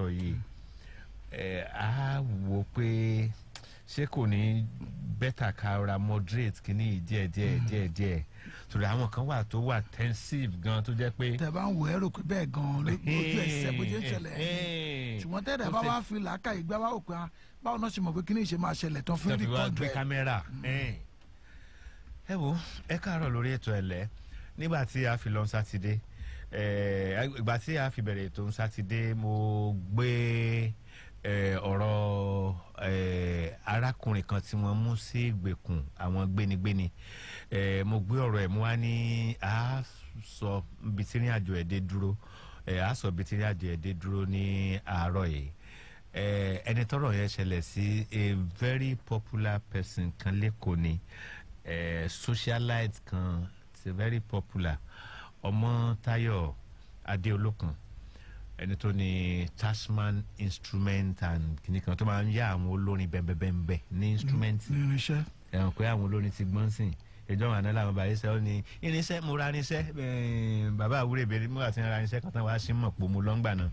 láàárọ̀ yìí ẹ á wò pé ṣé kò ní bẹ́tà ká ra moderate kínní díẹ̀ díẹ̀ hmm. díẹ̀ díẹ̀ torí àwọn kan wà tó wà tensive gan tó jẹ́ pé. tẹ̀bá ń wọ ẹrù pé bẹ́ẹ̀ gan lójú ẹsẹ̀ bó jẹ́ ṣẹlẹ̀ ṣùgbọ́n tẹ́lẹ̀ bá wá fi làákà ìgbà wá òpin ah, báwo náà ṣe mọ̀ pé kínní ìṣe máa ṣẹlẹ̀ tán fún rìkọ́ndù ẹ̀. tọ́bi wá gbé kámẹ́rà hmm. ẹ wo ẹ káàárọ̀ lórí ètò ẹ̀lẹ́ nígbà tí a fi lọ sátidé Eh, ìgbà tí a fi bẹ̀rẹ̀ ètò ń sátidé mo gbé eh, ọ̀rọ̀ eh, arákùnrin kan tí wọ́n mú sí ìgbèkùn àwọn gbénigbéni mo gbé ọ̀rọ̀ ẹ̀ mú wá ní a sọ ibi tí ìrìn àjò ẹ̀ dúró a sọ ibi tí ìrìn àjò ẹ̀ dúró ní àárọ̀ yìí ẹni tọ́rọ̀ yẹn ṣẹlẹ̀ sí a very popular person kan lẹ́kọ̀ọ́ ni socialite kan ti very popular tayo adéolókun ẹni tó ni tasman instrument and kìnìún kan tó máa ń yá àwọn olórin bẹ́ẹ̀bẹ́ẹ̀bẹ́ ní instrument ẹ̀hún pé àwọn olórin ti gbọ́n sìn ìjọba àná làwọn bàyẹ̀ sẹ́wọ́n ní irinṣẹ́ mo ra irinṣẹ́ bàbá àwúrẹ̀ bèrè mo àti ra irinṣẹ́ kan tán wàá sí mọ̀ pò mo lọ́ngbà náà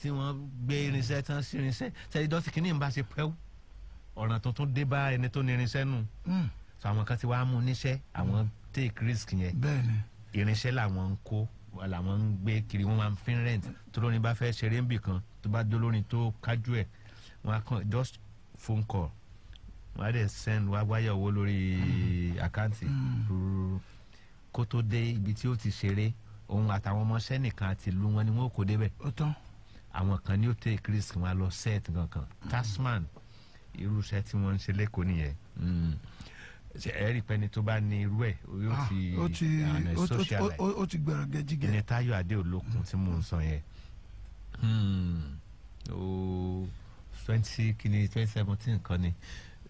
tí wọ́n gbé irinṣẹ́ tán sí irinṣẹ́ sẹ́yìn dọ́tí kìnìún bá ṣe pẹ́wù ọ̀ràn tuntun dé bá ẹni tó ní irinṣẹ́ nù hmm. àwọn kan ti wá mú níṣẹ́ àwọn take risk yẹn. bẹ́ẹ̀ni irinṣẹ́ làwọn ń kó làwọn ń gbé kiri wọ́n máa ń fi rent tó lórin bá fẹ́ ṣeré ń bì kan tó bá dó lórin tó kájú ẹ̀ wọ́n á kàn just phone call wọ́n á dẹ̀ send wá wáyà owó lórí mm. àkáǹtì mm. kó tó dé ibi tí ó ti ṣeré òun àtàwọn ọmọọṣẹ́ nìkan àti ìlú wọn ni wọ́n kò débẹ̀ àwọn kan ní ó chris wọn á lọ set kankan tasman irú iṣẹ́ tí wọ́n ń ṣe lẹ́kọ̀ọ́ nìyẹn. Mm ẹ̀rí pẹ́ni tó bá ní irú ẹ̀ yóò ah, ti àná social life ó ti gbẹ̀rọ̀ gẹ́jígẹ́ ẹni táyọ̀ adé olókun tí mò ń sọ yẹn hmm. twenty kìíní twenty seventeen kan ni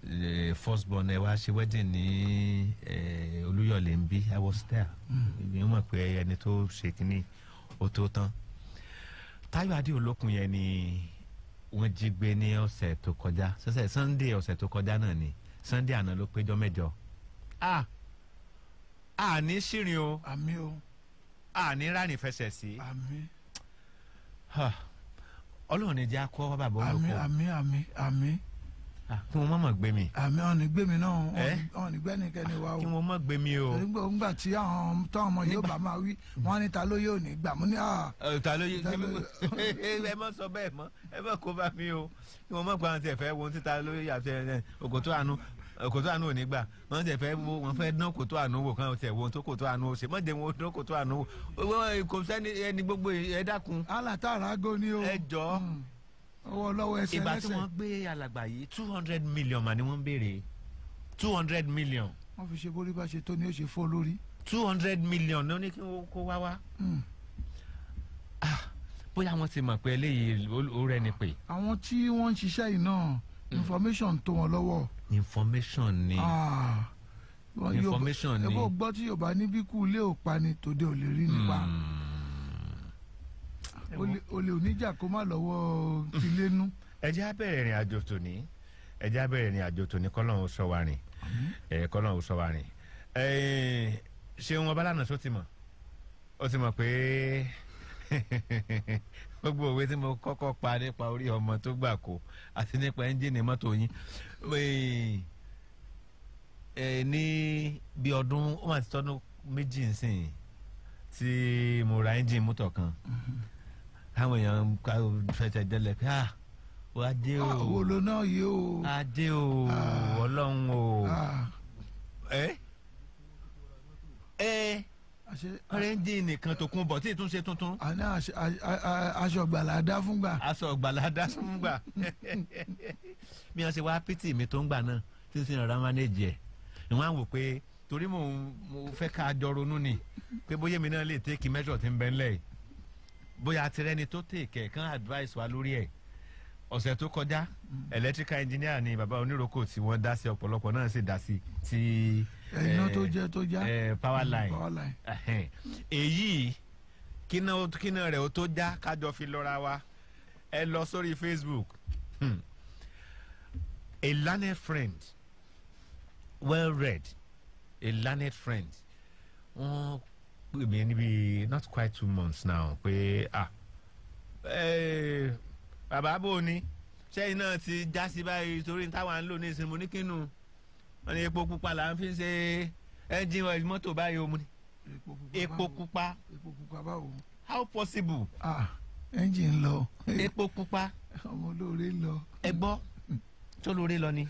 eh, first born ẹ wá ṣe wedding ní eh, olúyọ̀lé ń bí i was there ìyẹn mọ̀ pé ẹni tó ṣe kìíní ó tó tán táyọ̀ adé olókun yẹn ni wọ́n jí gbé ní ọ̀sẹ̀ tó kọjá sunday ọ̀sẹ̀ tó kọjá náà ni. Mm Sunday àná ló péjọ mẹ́jọ a a ní sírin o àmín o a ní ránì fẹsẹ̀ sí àmín ọlọ́run ní jẹ́ akọ́ bàbá olóko àmín àmín àmín kí wọn mọ̀ gbé mi. àmì ọ̀n ní gbé mi náà ọ̀n ní gbé nìkẹ́ni wa o. kí wọn mọ̀ gbé mi o. nígbà tí àwọn tó ọmọ yóò bá máa wí wọn ní ta ló yóò ní gbà mú ní. ta ló yóò ẹ mọ sọ bẹ́ẹ̀ mọ ẹ mọ kó bá mi o kí wọn mọ gba àwọn tí ẹ fẹ́ wọn títa ló yóò yàtọ̀ ẹ okòtò àánú kòtò àánú ò ní gbà wọ́n ti fẹ́ wọ́n fẹ́ dán kòtò àánú wò kán tẹ̀ wọ́n tó kòtò àánú wò ṣe mọ̀jẹ̀ wọn dán kòtò àánú wò kò sẹ́ni ẹni gbogbo ẹ dákun. alátàrà o. ẹ jọ hmm. owó lọ́wọ́ ẹsẹ̀ lẹ́sẹ̀. ìgbà tí wọ́n gbé alàgbà yìí two hundred million mà ni wọ́n béèrè two hundred million. wọ́n fi ṣe bórí bá ṣe tó ni ó ṣe fọ́ two hundred million ní ó ní kí wọ́n kó wá wá hmm. ah, bóyá wọn ti mọ̀ pé eléyìí ó rẹni pé. àwọn tí wọ́n ń ṣiṣẹ́ yìí náà hmm. information tó wọn lọ́wọ́ information ni. Ah, information ni. ẹ bó gbọ́ tí yorùbá níbí kú ilé òpa ni tòde ò lè rí nípa hmm. olè oníjà kó má lọ́wọ́ tilénu. ẹ jẹ́ á bẹ̀rẹ̀ ìrìn àjò tòní ẹ jẹ́ á bẹ̀rẹ̀ ìrìn àjò tòní kọ́lọ́n ò sọ wa rìn kọ́lọ́n ò sọ wa rìn ṣé wọn bá lànà sọ ti mọ̀ ó ti mọ̀ pé gbogbo òwe tí mo kọ́kọ́ pa nípa orí ọmọ tó gbà kó àti nípa ẹ́ńjìnì mọ́tò yín ní bí ọdún ó mà ti tọ́dún méjì nsìn tí mo ra ẹ́ńjìnì mọ́tò kan táwọn èèyàn fẹsẹ̀ délẹ̀ pé ah adé o àwọn ah, olóná yìí o adé o ah. ọlọ́run o ẹ ah. ẹ ọrẹ́ndì nìkan tó kún bọ̀ tí ètò ṣe tuntun. àní aṣọ gbàlà dá fún gbà. aṣọ gbàlà dá fún gbà. mi ò ṣe wá pítì mi tó ń gbà náà tí sì rọra manage ẹ̀ ìwọ̀n àwọn pé torí mo fẹ́ ká jọ ronú ni pé bóyá mi náà lè take measure tí ń bẹ ńlẹ̀ yìí bóyá tirẹ́ni tó take ẹ̀ kàn advice wa lórí ẹ̀ ọ̀sẹ̀ tó kọjá mm. electrical engineer ni bàbá oníròkò tí wọ́n dá sí ọ̀pọ̀lọpọ̀ náà sì dá sí ti iná eh, tó jẹ tó já eh, mm, power line èyí kíná rẹ̀ ó tó já kájọ fi lọ́ra wa ẹ lọ sórí Facebook hmm. a learned friend well read a learned friend wọ́n pè mí níbi not quite two months now pé ah bàbá bò ní ṣẹ́yìn náà ti já sí báyìí torí táwọn ń lò ní ìsinmi oníkínú wọ́n ní epo pupa là ń fi ṣe ẹ́ńjìn ọ̀ìlì mọ́tò báyìí omi epo pupa epo pupa báwo how possible. ah ẹ́ńjìn lọ. epo pupa. ọmọ olóore lọ. ẹ gbọ́ tó lóore lọ ni.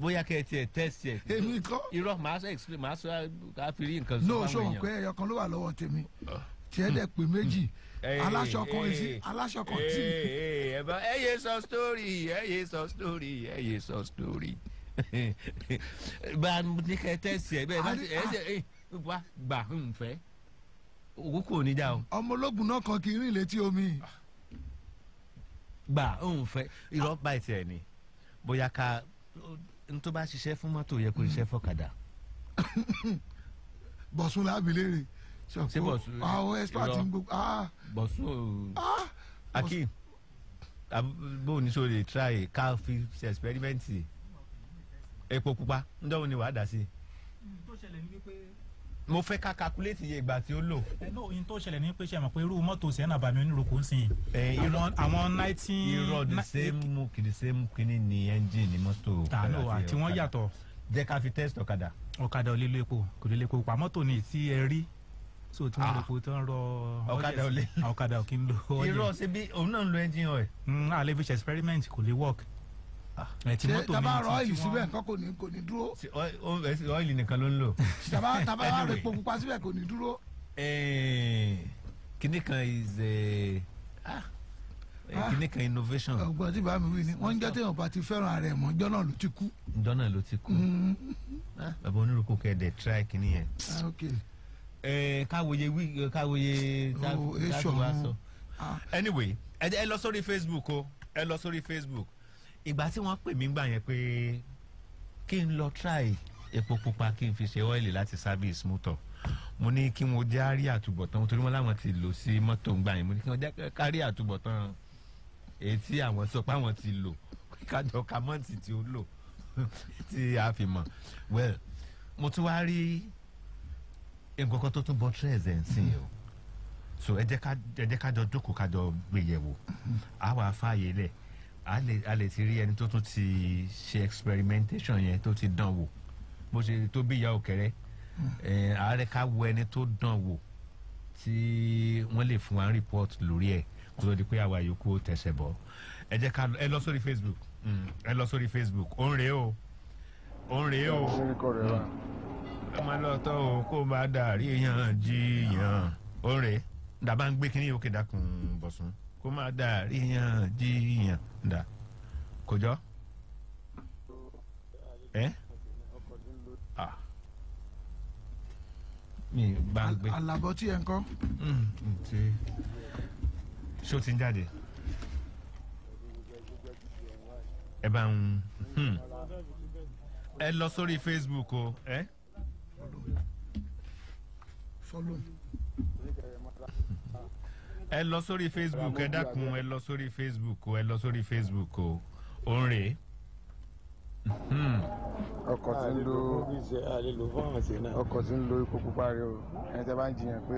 bóyá kẹ tiẹ tẹsí ẹ. èmi kọ́. irọ́ màá sọ explain màá sọ ká fi rí nǹkan sọ fáwọn èèyàn. n'o sọ pé ló wà lọ́wọ́ tèmi tiẹ̀ dẹ̀ pé méjì hmm. aláṣọ kan sí aláṣọ kan tí. ẹ yé sọ story ẹ yé sọ story ẹ yé sọ story gba ní kẹ tẹ́sí ẹ bẹ́ẹ̀ ẹ ṣe ah. wá gbà ń fẹ́ kò ní dá o. ọmọ ológun náà kan kì í rìn létí omi. gbà ń irọ́ báyìí tiẹ̀ ni bóyá ká n bá ṣiṣẹ́ fún mọ́tò yẹ kó hmm. ṣiṣẹ́ fọ́kadà. bọ̀sùn lábìlẹ̀ ṣe bọ̀sùn ah, àwọn expert ń gbogbo. Ah. bọ̀sùn akeem bó ní sọ lè try ká fi experiment yìí epo pupa ǹjọ́ ni wàá dà sí i. tó ṣẹlẹ̀ ni wípé. mo fẹ́ ká calculate iye ìgbà tí ó lò. ẹ náà oyin tó ṣẹlẹ̀ ní pé ṣe mọ̀ pé irú mọ́tò sẹ́nà bàmí onírúurú ń sìn. ìrọ̀ àwọn nineteen. irọ́ the same kìí same kìíní ni engine mọ́tò. tàánù àti wọ́n yàtọ̀. jẹ́ ká fi test ọ̀kadà. ọ̀kadà ò lè lo epo kò lè lo epo pa mọ́tò ni tí ẹ rí so tí wọn ah. lè po tán rọ ọkadà ọlẹ ọkadà ò kí ń lo ọyẹ. irọ́ ṣe bí òun náà ń lo engine oil. àlefish hmm, experiment kò lè work Ah. taba rọ ìlú síbẹ̀ nǹkan kò ní kò ní dúró. ọ́ìlì nìkan ló ń lò. taba taba wà rẹ̀ pupa síbẹ̀ kò ní dúró. kinní kan is ah, ah. kinní kan innovation. ọgbọ́n tí bàbá mi wí ni wọ́n ń jẹ́ téèyàn bá ti fẹ́ràn ara ẹ̀ mọ́ jọ́ náà ló ti kú. jọ́ náà ló ti kú. Mm-hmm. bàbá onírúkọ kẹ́ẹ̀dẹ̀ try kinní yẹn. káwòye wí káwòye tábìlì oh, wá sọ. anyway ẹ lọ sórí Facebook o ẹ lọ sórí Facebook ìgbà tí wọ́n pè mí gbà yẹn pé kí n lọ try epo pupa kí n fi ṣe ọ́ìlì láti service mọ́tò mo ní kí wọ́n já rí àtúbọ̀tán torí wọ́n láwọn ti lò sí mọ́tò ńgbà yẹn mo ní kí wọ́n já kárí àtúbọ̀tán èyí àwọn sọ pé àwọn ti lò kájọ kamọ́ǹtì tí ó lò tí a fi mọ̀ well mo tún wá rí nǹkan kan tó tún bọ́ tírẹ̀sì ń sìn o so ẹ jẹ́ ká jọ jókòó ká jọ gbé yẹ̀wò àwa fààyè lẹ̀ a lè a lè ti rí ẹni tó tún ti ṣe experimentation yẹn tó ti dán wò bó ṣe tó bí ìyá òkèrè ààrẹ ká wo ẹni tó dán wò tí wọ́n lè fún wa report lórí ẹ̀ kó tó di pé àwa yòókù ó tẹ̀sẹ̀ bọ̀ ẹ jẹ́ ká ẹ lọ sórí Facebook mm, ẹ lọ sórí Facebook ó ń rèé o ó ń rèé o ẹ máa lọ tọ́ o kó o bá dàrí yan jiyàn ó ń rèé dàbá ń gbé kínní òkè dákun bọ̀sùn kó máa dà ríyàn jíyàn dà kò jọ. ẹ ah mi bá ń gbé. àlàbọ̀ tí ẹ ń kọ́. Hmm, ṣó ti ń jáde ẹ bá ń hmm. ẹ lọ sórí Facebook o ẹ. follow. follow ẹ lọ sórí facebook ẹ dákun ẹ lọ sórí facebook ẹ lọ sórí facebook o òun rèé. Hmm. ọkọ̀ tí ń lo ọkọ̀ tí ń lo epo pupa rẹ o ẹni tẹ́ bá ń jiyàn pé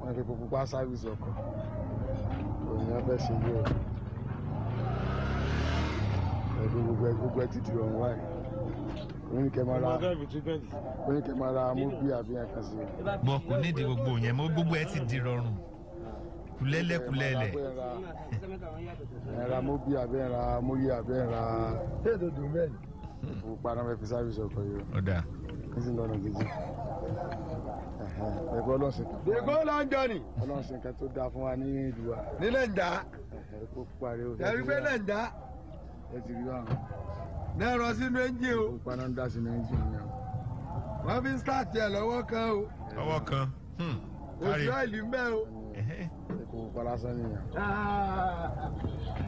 wọ́n fi epo pupa sáfìsì ọkọ̀ òyìnbó fẹ́ ṣe yé o ẹ̀dùn gbogbo ẹ gbogbo ẹ ti di ọ̀hún wáyé oníkẹ́mọ́ra oníkẹ́mọ́ra mo bí àbí ẹ̀ka sí i. bọ́ọ̀kù nídìí gbogbo yẹn mo gbogbo ẹ ti di rọrùn kulẹ́lẹ́kulẹ́lẹ́. ẹ̀ra mo bí abẹ́ ẹ̀ra mo yí abẹ́ ẹ̀ra. ṣé ètò dùn bẹ́ẹ̀ ni. mo paná mẹ́fì sáfìsì ọkọ̀ yìí. ó dà. ní sí lọ́nà kejì. ẹ̀kọ́ ọlọ́sìn kan. ẹ̀kọ́ ọlọ́njọ́ ni. ọlọ́sìn kan tó dáa fún wa ní ìlú wa. nílẹ̀ ń dá. ẹ̀kọ́ parí o. ẹ̀rí pé lẹ̀ ń dá. ẹ ti rí báwọn. lẹ́rọ sínú ẹ́ńjì o. mo paná ń dá sínú ẹ́ńjì mi wọ́n fi ń sáàtì ẹ̀ lọ́wọ́ kan o. lọ́wọ́ kan. Hmm. oṣù àìlú kò kọ́lá sani yàn.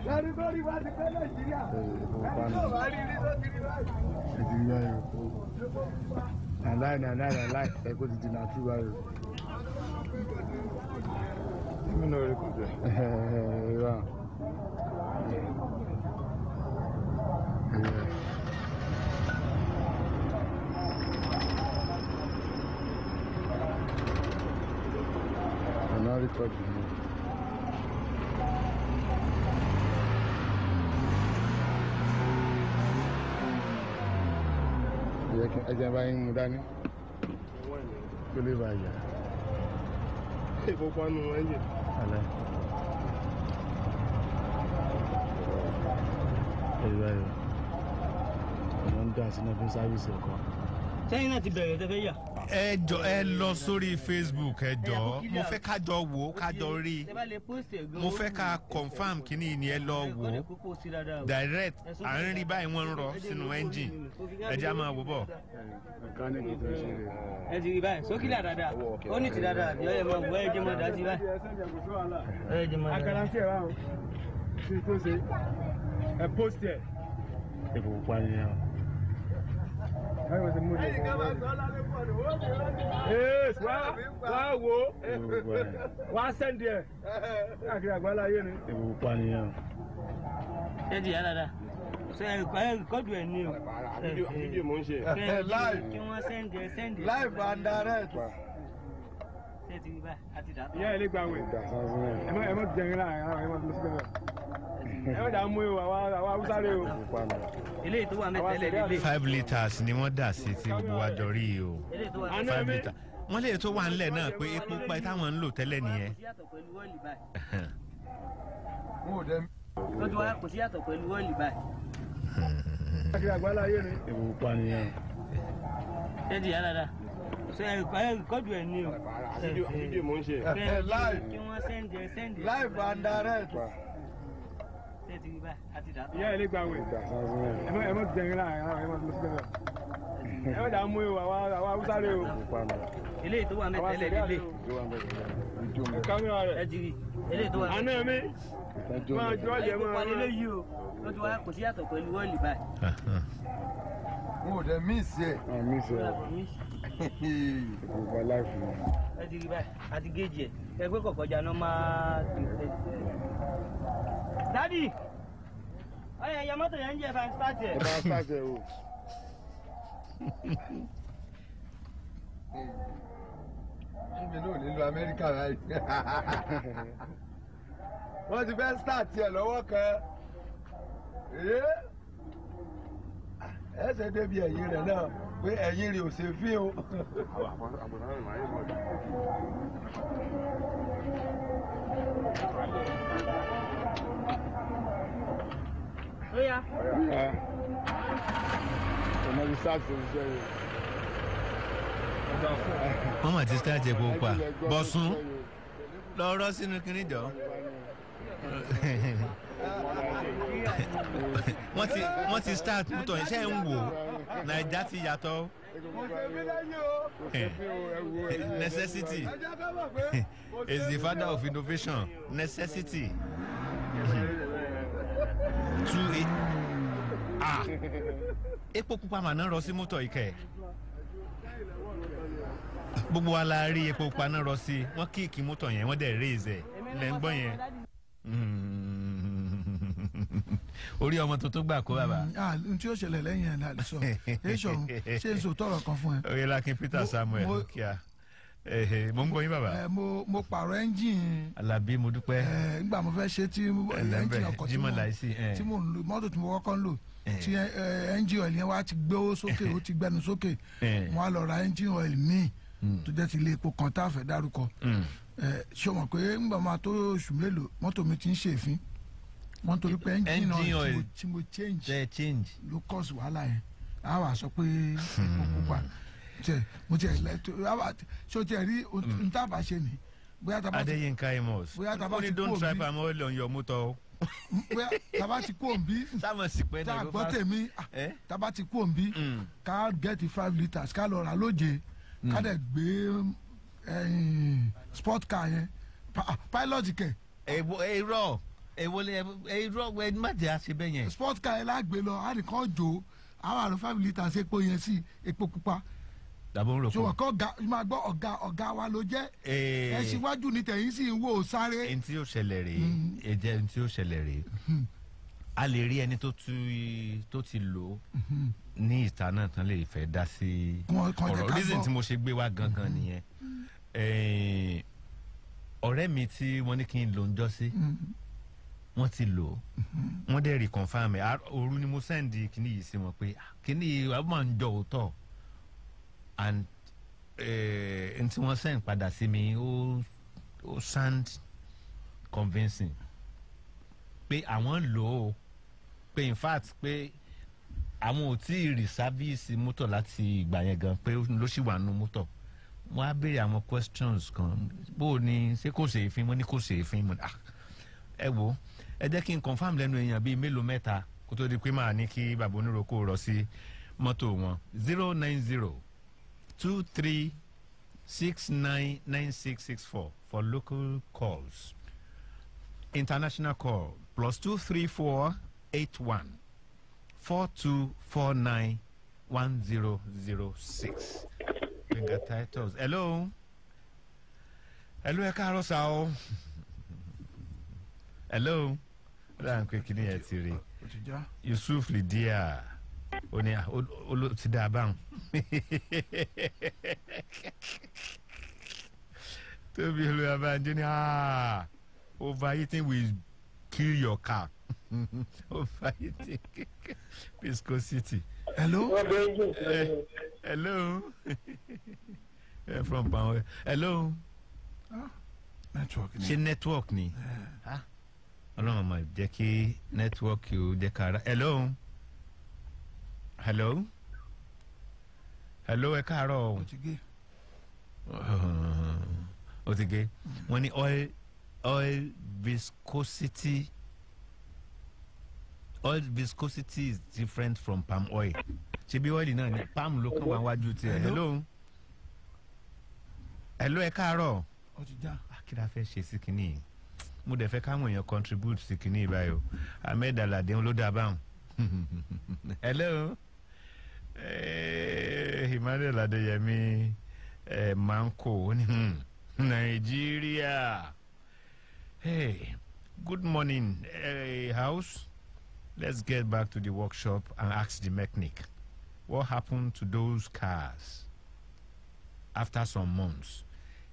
lórí lórí wá ti pẹ́ nàìjíríà ẹni tó bá rí rí tó ti rí báyìí. ti rí báyìí o nàláì nàláì nàláì ẹ̀kọ́ ti di nàtú báyìí o. mi náà rí kùtù ẹ̀. rìkọ́dù náà. ẹjẹ bá yín mú dání tó lè bá yà. ìfọ̀pọ̀ nù ẹ̀jẹ̀. alẹ́. ẹ̀rọ ẹ̀rọ ọ̀nà ń dá sí náà fún sáfíìsì ọkọ̀ sẹ́yìn náà ti bẹ̀rẹ̀ tẹ́fẹ́ yà. ẹ jọ ẹ lọ sórí facebook ẹ jọ mo fẹ́ ká jọ wò ká jọ rí mo fẹ́ ká confam kíní ni ẹ lọ wò direct à ń rí báyìí wọ́n ń rọ sínú engine ẹ jẹ́ a máa wò bọ̀. ẹ ti rí báyìí sókìlà dáadáa ó ní ti dáadáa àbí ọyẹ máa wọ ẹ jẹ máa dá sí báyìí. ẹ jẹ máa dá. àkàrà ń tẹ̀ ṣe tó ṣe ẹ post ẹ. ẹ pa ni ẹ báyọ̀ ṣe mú ìdílé kan lórí. wá wo wá sẹ́ndì ẹ̀ káàkiri àgbáńlá ayé ni. èwo pànìyàn. ṣé ti yàrá dáa kọ́dù ẹ̀ ní o. fídíò mò live kí wọ́n send live and direct. ṣé ti rí báyìí àti dàpọ̀. ìyá ẹ̀ lè gbàwé ẹ̀ ẹ wọ́n dà mú ìwà àwọn haúsá rẹ o. eléyìí tó wà ní tẹ́lẹ̀ lélẹ̀. five litres ni wọ́n dà sí tí gbogbo rí o five litres wọ́n lè tó wà nílẹ̀ náà pé epo pa táwọn ń lò tẹ́lẹ̀ nìyẹn. lójú wa kò sí yàtọ̀ pẹ̀lú ọ́ìlì báyìí. kí agbára yé ni. èwo pa nìyẹn. ṣé ti yàrá dáa kọ́jú ẹ̀ ní o. fídíò mò ń ṣe. live live and direct ti rí báyìí àti dà. ìyá ẹ̀ lè gba àwẹ̀ ẹ mọ̀ jẹ́ ńlá ẹ mọ̀ lọ síbẹ̀ ẹ mọ̀ dà mú ewu àwa àwa haúsá rẹ o. eléyìí tó wà mẹ tẹ́lẹ̀ lílé kámẹ́rà rẹ̀ ẹ jìrì eléyìí tó wà mẹ. àná mi máa jọ jẹ máa. ìpàdé lè yí o ló ti wá kò sí yàtọ̀ pẹ̀lú wọ́ọ̀lì báyìí. mo dẹ̀ míìsì ẹ̀. míìsì ẹ̀ gbogbo aláìfù mi. ẹ ti rí báyìí àti géèjì ẹ ẹgbẹ́ kọ̀ọ̀kan jà náà máa dùn ẹ̀. dádì ọyọ ẹyọ mọ́tò yẹn ń jẹ ẹbà ń sáàtì ẹ. ẹbà ń America, right? o. kíbi náà start here, báyìí. wọ́n ti fẹ́ sáàtì ẹ lọ́wọ́ kan ẹsẹ̀ débi ẹ̀yìn rẹ̀ náà pé ẹ̀yìn rẹ̀ ò ṣe fín o. Thank you. Oh, eh. wọ́n mọ̀ tí sítáàtì epo pa bọ́sùn lọ́rọ́ sínú kínní jọ wọ́n ti wọ́n ti start mọ́tò iṣẹ́ ń wò naija ti yàtọ̀ eh. necessity is the father of innovation necessity tú e ah epo pupa màná rọ sí mọ́tò ìkẹ́ gbogbo wa la rí epo pupa náà rọ sí wọ́n kíìkì mọ́tò yẹn wọ́n dẹ̀ rèézẹ̀ lẹ́ ń gbọ́ yẹn hmm. orí ọmọ tuntun gbà kó bàbá. Hmm, ah, n tí yóò ṣẹlẹ̀ lẹ́yìn ẹ̀ la sọ ẹ̀ sọ ṣé n sọ tọrọ kan fún ẹ. oyè Peter Samuel kíá ẹhẹ mo ń gbọ́ yín bàbá. ẹ mo mo pààrọ̀ ẹ́ńjìn. Alábí mo dúpẹ́. ẹ nígbà mo fẹ́ ṣe tí ẹ́ńjìn ọkọ̀ tí mo tí mo ń lo mọ́tò tí mo kọ́kọ́ ń lò tí ẹ́ńjìn ọ̀ìlì yẹn wá ti gbéwó sókè ó ti gbẹnu sókè wọn á lọ ra ẹ́ńjìn ọ̀ìlì míì hmm. tó jẹ́ ti ilé epo kan tá a fẹ́ dárúkọ. Hmm. ṣé o mọ̀ pé nígbà máa tó oṣù mélòó mọ́tò mi ti ń ṣèfín wọ́n torí pé ẹ́ńjìn ọ̀ìlì tí mo change ló cause wàhálà yẹn àwa tẹ mo tẹ lẹ tó so tẹ rí mm. n tá bá ṣe ni. Adéyínká Amos ó ní don't try palm oil on your motor. bóyá taba ti kú òǹbí tá a gbọ́ tèmi ah, eh? taba ti kú òǹbí mm. ká gẹ́tì five litres ká lọ ra lóje mm. ká dẹ̀ gbé sport car yẹn ah, pilot kẹ̀. èrò ewole irọ́ ẹ má jẹ́ àṣẹ bẹ́ẹ̀ yẹn. sport car yẹn lágbè lọ àdìkan jò àwọn àrùn five litres epo yẹn sí epo pupa dàbọ̀ ń rò kó. sọ kọ́ ga máa gbọ́ ọ̀gá ọ̀gá wa ló jẹ́ ẹ síwájú ni tẹ̀yìn sì ń wò sáré. ẹni tí ó ṣẹlẹ̀ rèé hmm. ẹ jẹ́ ẹni tí ó ṣẹlẹ̀ rèé hmm. a lè rí ẹni tó ti lò ó hmm. ní ìta náà tán lè fẹ́ dá sí ọ̀rọ̀ reason tí mo ṣe gbé wá gangan nìyẹn ọ̀rẹ́ mi tí wọ́n ní kí n lò ń jọ́ sí wọ́n ti lò ó wọ́n dẹ̀ rí confam ẹ̀ òru ni mo sẹ́ndì kíní yìí sí wọn pé kíní yìí wàá máa ń jọ òótọ́ and eh, n tí wọ́n send padà sí mi ó sound convincing pé àwọn lò ó pé in fact pé àwọn ò tí ì rí sáfíìsì mọ́tò láti ìgbà yẹn gan pé ló ṣì wà nù mọ́tò wọ́n á béèrè àwọn questions kan bó o ní ṣé kò ṣeé fín mo ní kò ṣeé fín mo ní ah, ẹ wo ẹ jẹ́ kí n confam lẹ́nu èèyàn bíi mélòó mẹ́ta kó tó di pé màá ní kí bàbá oníròkó rọ sí mọ́tò wọn zero nine zero two three six nine nine six six four for local calls. International call plus two three four eight one four two four nine one zero zero six. Finger titles. Hello. Hello, ẹ káàárọ̀ sá Hello. Láàrín pé kí ni ẹ Yusuf Lidia oní olo ti dà báwọn tóbi olùyàbàjọ ni Ah, overheating will kill your car overheating viscosity. hello hello from panwe hello. Ah, network ni ṣe network ni eh. ah, ọlọ́run mà jẹ́ kí network yóò jẹ́ kára hello hello hello ẹ káàárọ̀ o o ti gé wọ́n ní oil oil viscosity oil viscosity is different from palm oil ṣe bí oil náà ni palm ló kàn wá wájú tiẹ̀ hello hello ẹ káàárọ̀ akíra ah, fẹ́ ṣe sí kínní yìí mo dẹ̀ fẹ́ káwọn èèyàn contribute sí kínní yìí báyìí o ahmed alade ló dáa báwọn hello. Emmanuel Adéyẹmí Manko ní Nàìjíríà hey good morning uh, house let's get back to the workshop and ask the mechanic what happened to those cars after some months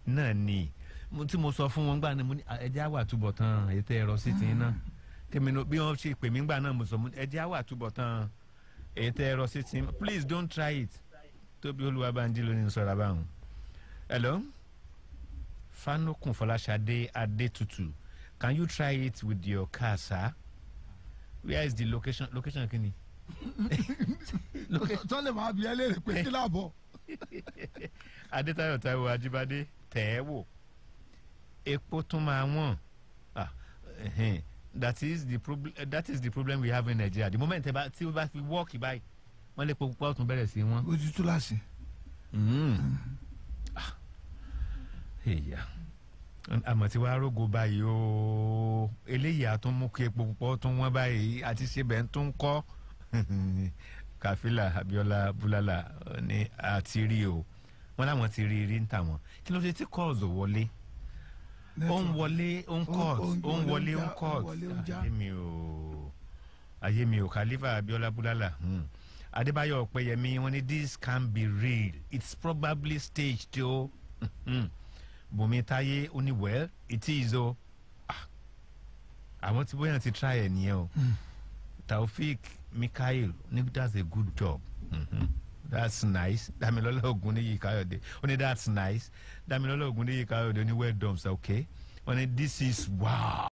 náà ni tí mo sọ fún wọn gbà ni mo ní ah, ẹjẹ àwà túbọ̀ tán ètò ẹ̀rọ sí ti iná kí mi bí wọ́n ṣe pè mí gbà náà mo sọ ẹjẹ àwà túbọ̀ tán èyí tẹ́ ẹ rọ sí ti please don't try it tóbi olúwabànjí ló ní sọ̀rọ̀ abáhùn. hello fanokun fọláṣadé adétutù can you try it with your car sir where is the location location kini. tọ́lẹ̀ máa bí ẹlẹ́rìí pé kí láàbọ̀. adétayọ̀ táíwò ajíbádé tẹ̀ ẹ́ wò epo tún máa wọ̀n ah, that is the problem that is the problem we have in Nigeria the moment ẹ bá tí o bá fi wọ́ọ̀kì báyìí wọ́n lè pokùn pọ́ọ̀tún bẹ̀rẹ̀ sí wọn. ojú tó láṣẹ. èyà hmm. hmm. ah. àmọ́ tí wàá rògo báyìí o eléyìí àtún mú kí epo púpọ̀ tún wọ́n báyìí àti ṣebẹ̀ ń tún kọ́ Kàfílà Abíọ́lá Búlálà ní àti o wọ́n láwọn ti rí rí ń tà wọ́n kí ló dé tí kọ́ọ̀zù wọlé ó ń wọlé ó ń court ó ń wọlé ó ń court ayé mi ò ayé mi ò khalifa abiola bulala hmm. adébáyọ̀ ọpẹ́yẹmí wọ́n ní this can be real it's probably staged o hmm. bùnmi táyé ó ní well it is o ah. àwọn tí bóyá ti try ẹ̀ nìyẹn o hmm. taofik mikhail ní that's a good job. Mm -hmm. hmm that's nice Damilola Ogunniyi Kayode ó ní that's nice Damilola Ogunniyi Kayode ó ní well done sir okay ó ní this is wow.